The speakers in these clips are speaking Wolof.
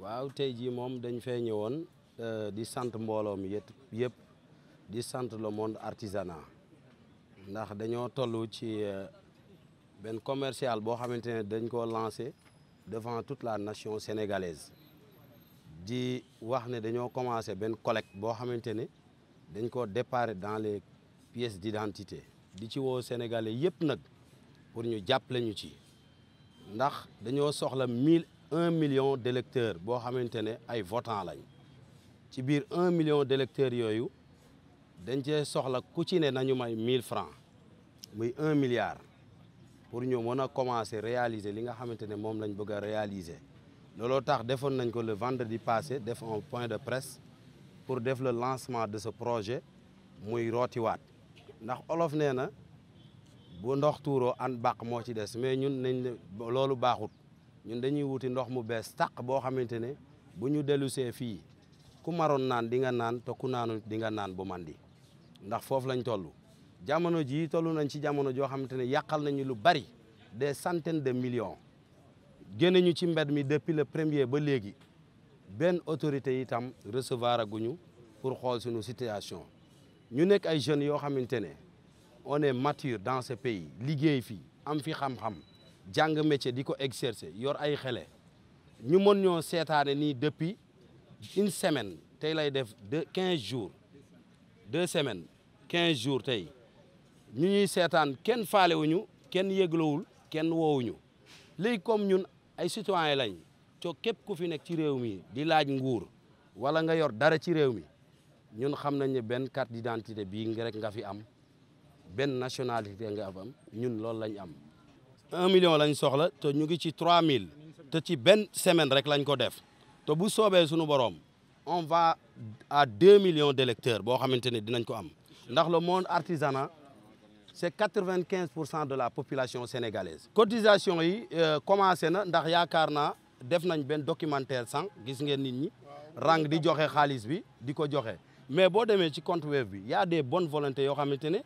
waaw tey jii moom dañ fee ñëwoon euh, di sant mbooloo mi yét yëpp di sant le monde artisanat ndax dañoo toll ci euh, benn commercial boo xamante ne dañ koo lancé devant toute la nation sénégalaise di wax ne dañoo commencé benn collecte boo xamante ne dañ koo déparé dans les pièces d'identité di ci woo sénégalais yëpp nag pour ñu jàpp ñu ci ndax dañoo soxla mille un million d'électeurs boo xamante ne ay votants lañ ci biir un million d'électeurs yooyu dañ cee soxla ku ci ne nañu may mille francs muy un milliard pour ñu mën a commencer réaliser li nga xamante ne moom lañ bëgg a réaliser looloo tax defoon nañ ko le vendredi passé def un point de presse pour def le lancement de ce projet muy rootiwaat ndax olof nee bu ndox tuuroo an bàq moo ci des mais ñun nañ loolu baaxut ñun dañuy wuti ndox mu bees tàq boo xamante ne bu ñu dellusee fii ku maroon naan di nga naan tokku naanu di nga naan bu mandi ndax foofu lañ toll jamono jii toll nañ ci jamono joo xamante ne yàqal nañu lu bari des centaines de millions génne ñu ci mbed mi depuis le premier ba léegi benn autorité itam recevoir aguñu pour xool suñu situation ñu nekk ay jeunes yoo xamante ne on est mature dans liggéey fii am fi xam-xam jàng métier di ko exercer yor ay xele ñu mën ñoo seetaane nii depuis une semaine tey lay def deux quinze jours deux semaines quinze jours tey ñu ñuy seetaan kenn faalewuñu kenn yëglawul kenn woowuñu léegi comme ñun ay citoyen lañ co képp ku fi nekk ci réew mi di laaj nguur wala nga yor dara ci réew mi ñun xam nañ ne benn carte d'identité bii nga rek nga fi am benn nationalité nga am ñun loolu lañu am. un million lañ soxla te ñu ngi ci trois mille te ci benn semaine rek lañ ko def te bu soobee sunu boroom on va a deux millions d'électeurs boo xamante ne dinañ ko am ndax le monde artisanat c'est quatre-vingt-quinze pour cent de la population sénégalaise. cotisation yi euh, commencé na ndax yaakaar naa def nañ benn documentaire sànq gis ngeen nit ñi rang di joxe xaalis bi di ko joxe mais boo demee ci compte web bi y a des bonnes volontés yoo xamante ne.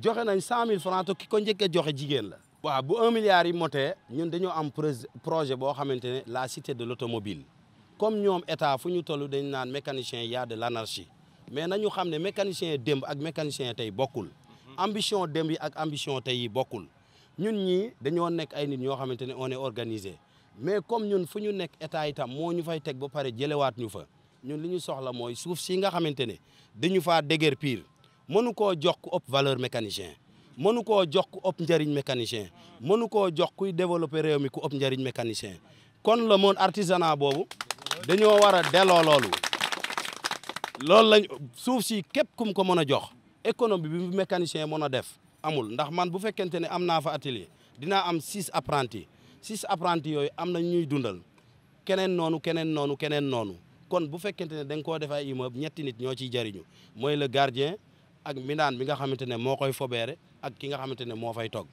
joxe nañ cent mille francs te ki ko njëkkee joxe jigéen la. waa bu un milliard yi motee ñun dañoo am projet boo xamante ne la cité de l'automobile comme ñoom état fu ñu toll dañ naan mécanicien y de de l'anarchie mais nañu xam ne mécanicien démb ak mécanicien tey bokkul. ambition demb ak ambition tey bokkul ñun ñi dañoo nekk ay nit ñoo xamante ne on est organisé mais comme ñun fu ñu nekk état itam moo ñu fay teg ba pare jëlewaat ñu fa ñun li ñu soxla mooy suuf si nga xamante ne dañu faa déguerpir mënu koo jox ku ëpp valeur mécanicien mënu koo jox ku ëpp njëriñ mécanicien mënu koo jox kuy développer réew mi ku ëpp njariñ mécanicien kon le monde artisanat boobu dañoo war a delloo loolu loolu lañ suuf si képp kum ko mën a jox économie bi mécanicien mën a def amul ndax man bu fekkente ne am naa fa atelier dinaa am six apprenti six apprentis yooyu am na ñuy dundal keneen noonu keneen noonu keneen noonu kon bu fekkente ne da nga koo def ay immeuble ñetti nit ñoo ciy jariñu mooy le gardien ak mindaan bi nga xamante ne moo koy fobeere ak ki nga xamante ne moo fay toog